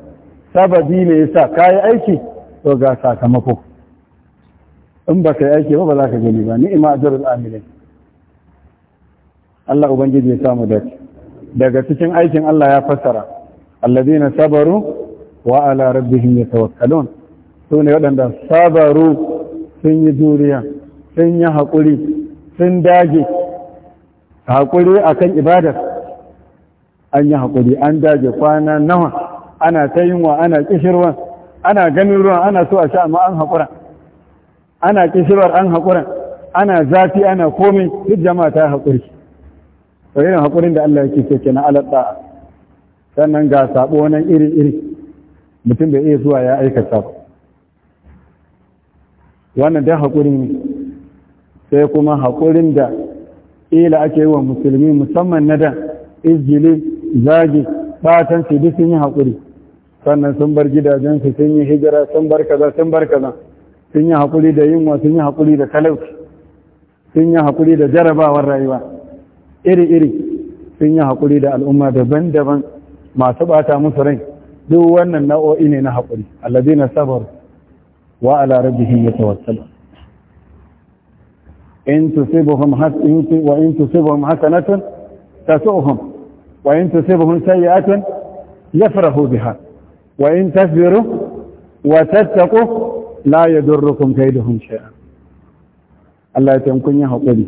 A: sababi ne yasa ka yi aiki to ga sakamako in ba ka yi aiki ba ba za ka gani ba ima ajrul amilin Allah ubangiji ya samu dace daga cikin aikin Allah ya fassara alladhina sabaru wa ala rabbihim yatawakkalun su ne waɗanda sabaru sun yi juriya sun yi hakuri sun dage haƙuri a kan ibadar an yi haƙuri an daje kwana nawa ana ta wa ana ƙishirwa ana ganin ruwa ana so a sha amma an haƙura ana ƙishirwar an haƙura ana zafi ana komai duk jama'a ta haƙuri to irin haƙurin da Allah yake keke na alaɗa sannan ga sabo nan iri-iri mutum bai iya zuwa ya aikata ba wannan dai haƙuri ne sai kuma haƙurin da ila ake yi wa musulmi musamman na da izgili zagi fatan su duk sun yi haƙuri sannan sun bar gidajensu sun yi hijira sun bar kaza sun bar kaza sun yi haƙuri da yunwa sun yi haƙuri da talauci sun yi haƙuri da jarabawar rayuwa iri-iri sun yi haƙuri da al'umma daban-daban masu ɓata musu rai duk wannan na'o'i ne na haƙuri alladina sabar wa ala rabbihim yatawakkalun إن تصيبهم حسنة وإن تصيبهم حسنة تسؤهم وإن تصيبهم سيئة يفرحوا بها وإن تصبروا وتتقوا لا يضركم كيدهم شيئا الله يتمكن يحقني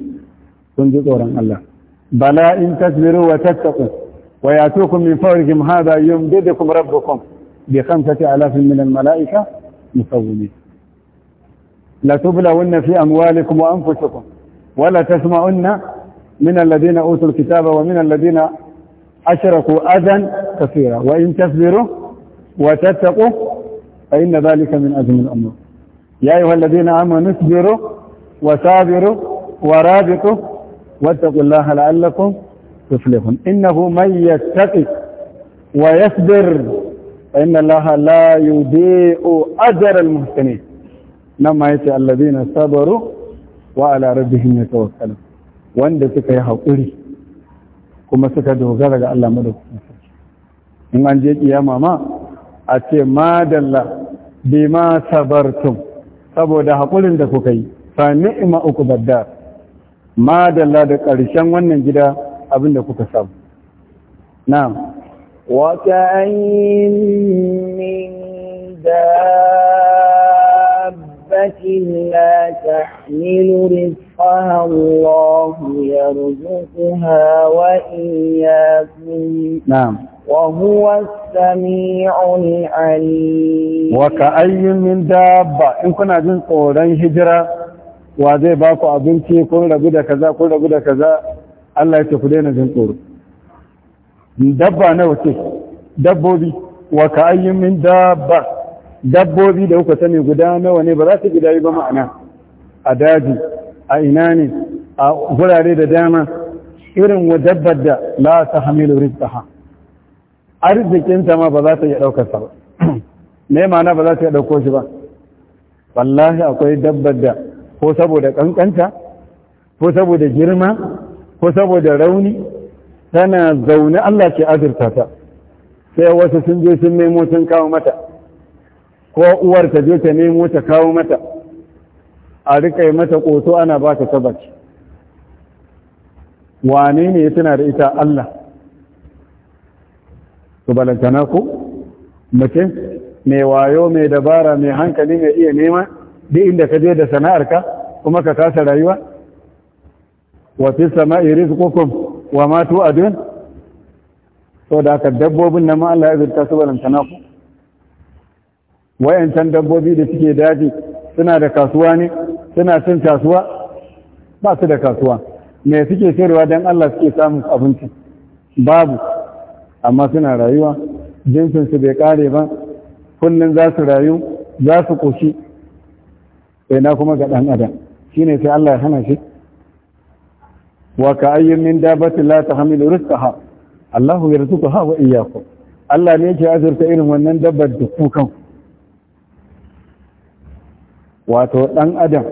A: كنت طورا الله بلى إن تصبروا وتتقوا ويأتوكم من فوركم هذا يمددكم ربكم بخمسة آلاف من الملائكة مصومين لتبلون في أموالكم وأنفسكم ولا تسمعن من الذين أوتوا الكتاب ومن الذين أشركوا أذى كثيرا وإن تصبروا وتتقوا فإن ذلك من أزم الأمور يا أيها الذين آمنوا اصبروا وصابروا ورابطوا واتقوا الله لعلكم تفلحون إنه من يتقي ويصبر فإن الله لا يضيء أجر المحسنين nan ma yace allazina sabaru wa ala rabbihim yatawakkalun wanda suka yi hakuri kuma suka dogara ga Allah madaukakin in an je kiyama ma a ce madalla bima sabartum saboda hakurin da kuka yi fa ni'ma uqbadda madalla da ƙarshen wannan gida abin da kuka samu na'am
C: wa ta'in min da Na tafiya ta miluri fahimtar hawa in
A: in kuna jin tsoron hijira, wa zai ba ku abinci kun rabu da kaza kun rabu da kaza? Allah ya ce ku daina jin tsoro. Dabba nawa ce, dabbobi? Wa ka aiyukan dabbar? dabbobi da kuka sani guda nawa ne ba za su yi ba ma'ana a daji a ina ne a gurare da dama irin wa dabbar da la ta hamilu rizqaha ta ma ba za ta iya ɗaukar sa ba me ma'ana ba za ta iya ɗauko shi ba wallahi akwai dabbar da ko saboda kankanta ko saboda girma ko saboda rauni tana zaune Allah ke azurta ta sai wasu sun je sun nemo sun kawo mata ko uwar ta je ta nemo ta kawo mata a rika yi mata ƙoto ana ba ta tabbaci wane ne ya tana da ita Allah su balantana ku mace mai wayo mai dabara mai hankali mai iya nema duk inda ka je da sana'arka kuma ka kasa rayuwa wa fi sama'i rizqukum wa ma tu'adun so da aka dabbobin na ma Allah ya zurta su balantana ku wayancan dabbobi da suke daji suna da kasuwa ne suna cin kasuwa ba su da kasuwa me suke sayarwa don Allah suke samun abinci babu amma suna rayuwa jinsinsu bai kare ba kullum za su rayu za su koshi sai na kuma ga ɗan adam shi ne sai Allah ya hana shi wa ka ayyun min dabati la tahmilu rizqaha Allahu yarzuquha wa iyyakum Allah ne yake azurta irin wannan dabbar da kukan. kanku wato ɗan adam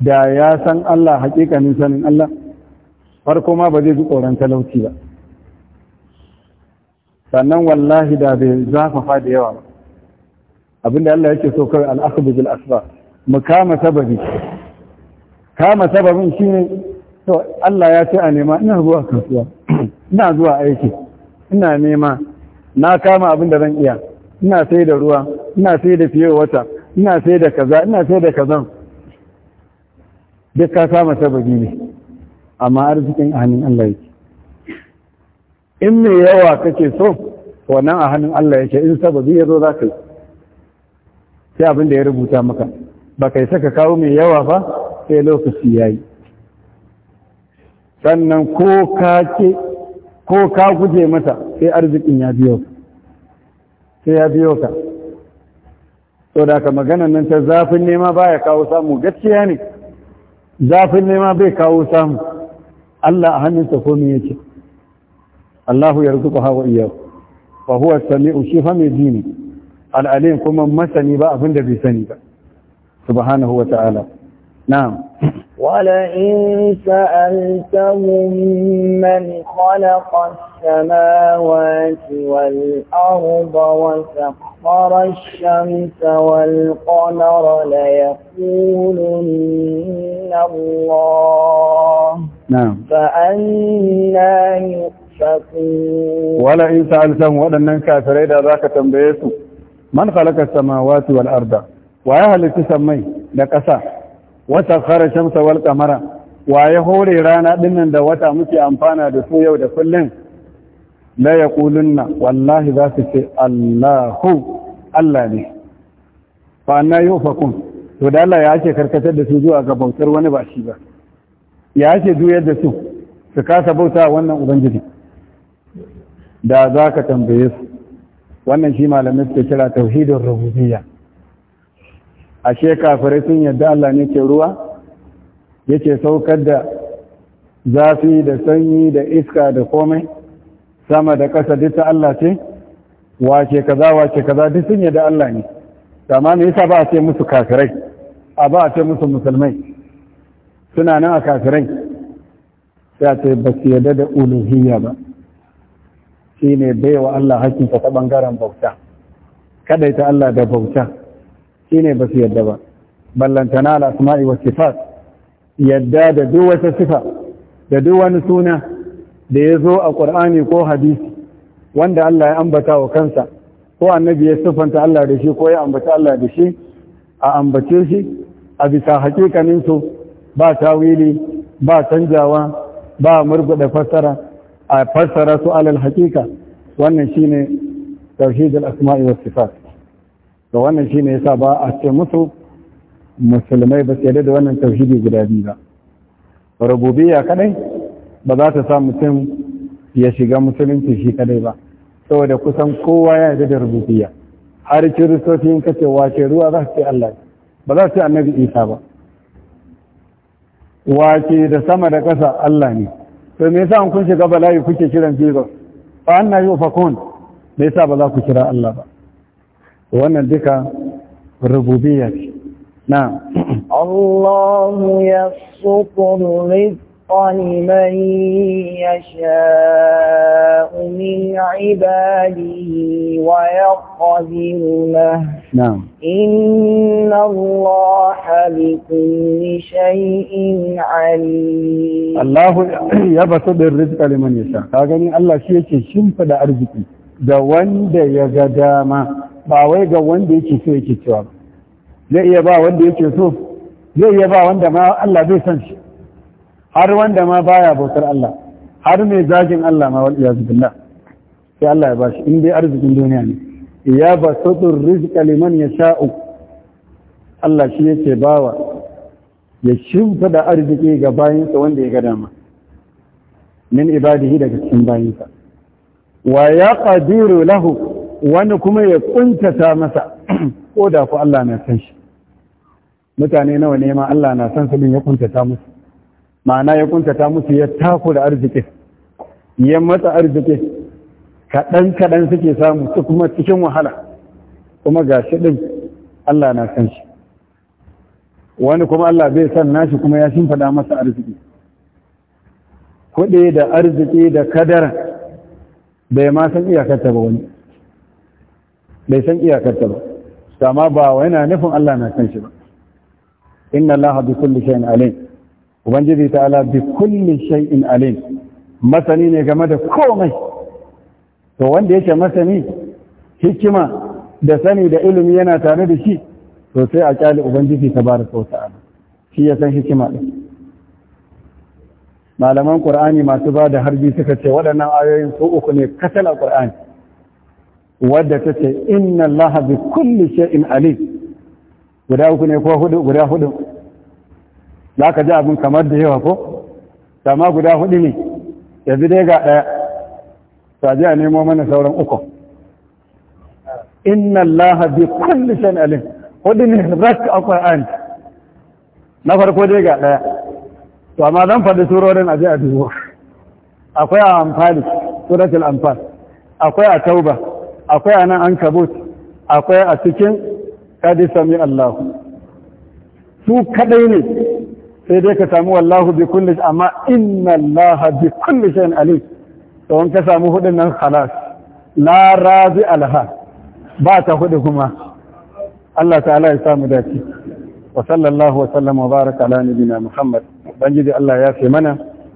A: da ya san Allah hakikanin sanin Allah farko ma ba zai ji tsoron talauci ba sannan wallahi da bai zafafa da yawa ba abinda Allah yake so kawai al'akhdu bil asba mu kama sababi kama sababin ne to Allah ya ce a nema ina zuwa kasuwa ina zuwa aiki ina nema na kama abin da zan iya ina sai da ruwa ina sai da fiye wata ina sai da kaza ina sai da kazan duk ka sama sababi ne amma arzikin a hannun Allah yake in mai yawa kake so wannan a hannun Allah yake in sababi ya zo za ka yi sai abin da ya rubuta maka ba kai saka kawo mai yawa ba sai lokaci ya yi sannan ko ka ke ko ka guje mata sai arzikin ya biyo sai ya biyo ka to da ka magana nan ta zafin nema baya kawo samu gaskiya ne zafin nema bai kawo samu Allah a hannunsa komai yake Allahu yarzuquha hawa iyyahu fa huwa sami samiu fami fa mai dini al kuma masani ba abinda bai sani ba subhanahu wa ta'ala na'am
C: ولئن سألتهم من خلق السماوات والأرض وسخر سخر الشمس والقمر ليقولن الله نعم فأنا يؤفكون
A: ولئن سألتهم ولن إذا ذاك تنبيتهم من خلق السماوات والأرض ويهل تسمي لكسا وسخر الشمس والقمر ويهوري رانا دنن دوتا مسي أنفانا دسو يو دسلن la na wallahi za su ce Allahu Allah ne fa anna yufakun to da Allah ya ce karkatar da su zuwa ga bautar wani ba shi ba ya ce juyar da su su kasa bauta wannan ubangiji da za ka tambaye su wannan shi malamin suke kira tauhidin rububiyya ashe kafirai sun yadda Allah ne ke ruwa yake saukar da zafi da sanyi da iska da komai sama da ƙasa duk ta Allah ce wace kaza wace kaza duk sun da Allah ne amma me yasa ba a ce musu kafirai a ba a ce musu musulmai suna nan a kafirai sai ce ba su yadda da uluhiyya ba shi ne baiwa Allah hakinsa ta ɓangaren bauta ta Allah da bauta shi ne ba su yadda ba ballantana Asma'i wa sifat yadda da duk wata sifa da duk wani suna da ya zo a ƙur'ani ko hadisi wanda Allah ya ambata wa kansa ko annabi ya siffanta Allah da shi ko ya ambata Allah da shi a ambace shi a bisa hakikaninsu ba tawili ba canjawa ba murguɗa fassara a fassara su alal hakika wannan shi ne tauhidul asma'i wasu sifat to wannan shi ya yasa ba a ce musu musulmai ba su yarda da wannan tauhidi guda biyu ba rububiyya kaɗai. ba za ta sa mutum ya shiga musulunci shi kadai ba saboda kusan kowa ya yi da rububiyya har kiristoci in kace wace ruwa za su ce Allah ba za su ce annabi Isa ba wace da sama da ƙasa Allah ne to me yasa kun shiga bala'i kuke kiran Jesus fa anna yufakun me yasa ba za ku kira Allah ba wannan duka rububiyya ce na
C: Allah yasuqu الحق لمن يشاء من عباده ويقدر له نعم إن الله بكل شيء عليم
A: الله يبسط الرزق لمن يشاء كاغني الله شيء يكي شنفد arziki ga wanda ya ga dama ba wai ga wanda yake so yake cewa zai iya ba wanda yake so zai iya ba wanda ma Allah zai san har wanda ma baya bautar Allah har mai zagin Allah ma wal iyazu billah sai Allah ya bashi in dai arzikin duniya ne ya ba basutur rizqa liman yasha'u Allah shi yake bawa ya shimfa da arziki ga bayinsa wanda ya ga dama min ibadihi daga cikin bayinsa wa ya qadiru lahu wani kuma ya kuntata masa ko da ku Allah na san shi mutane nawa ne ma Allah na san su din ya kuntata musu ma'ana ya kuntata musu ya da arzikin ya matsa arzikin kaɗan kaɗan suke samu su kuma cikin wahala kuma ga shi ɗin Allah na san shi wani kuma Allah bai san nashi kuma ya shimfaɗa masa arziki kuɗi da arziki da kadara bai ma san iyakarta ba wani bai san iyakarta ba sama ba wa yana nufin Allah na san shi ba inna Allah bi kulli shay'in alim ubangiji ala bi kullum shay'in alim masani ne game da komai to wanda yake masani hikima da sani da ilimi yana tare da shi to sai a kyale ubangiji ta bar ta'ala shi ya san hikima din malaman qur'ani masu ba da harbi suka ce waɗannan ayoyin su uku ne kasala qur'ani wadda ta ce inna allaha bi kulli shay'in alim guda uku ne ko hudu guda hudu za ka ji abin kamar da yawa ko Sama guda hudu ne bi dai ga ɗaya to a ji a nemo mana sauran uku inna Allah bi kulli shan alim hudu ne rak a Qur'an na farko dai ga ɗaya to amma zan faɗi surorin a ji a dubu. akwai a amfani suratul amfani akwai a tauba akwai a nan an kabut akwai a cikin kadi sami Allah su kadai ne sai dai ka samu wallahu bi kulli amma inna allaha bi kulli shay'in alim to in ka samu hudun nan khalas la razi alha ba ta hudu kuma Allah ta'ala ya samu dace wa sallallahu wa sallama wa baraka ala nabina muhammad banjidi Allah ya fi mana